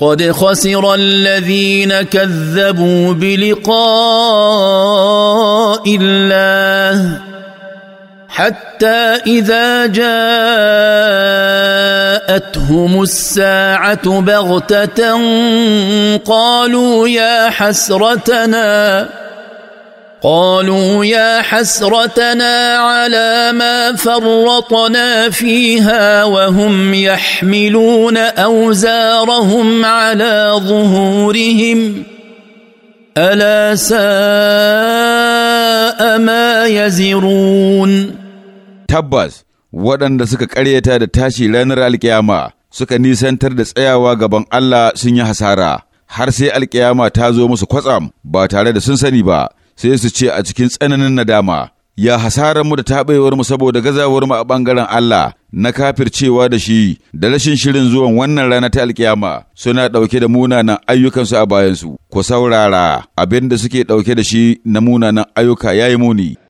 قد خسر الذين كذبوا بلقاء الله حتى اذا جاءتهم الساعه بغته قالوا يا حسرتنا قالوا يا حسرتنا على ما فرطنا فيها وهم يحملون اوزارهم على ظهورهم الا ساء ما يزرون تبس waɗanda suka ƙaryata da tashi ranar alkiyama suka nisantar da tsayawa gaban Allah sun yi hasara har sai alkiyama ta zo musu kwatsam ba tare da sun sani ba sai su ce a cikin tsananin nadama, ya hasaran mu da taɓewar mu saboda gazawar mu a ɓangaren Allah na kafircewa da shi da rashin shirin zuwan wannan rana ta alkiyama suna ɗauke da munanan ayyukansu a bayansu, ku saurara abin da suke ɗauke da shi na munanan ayyuka ya yi muni.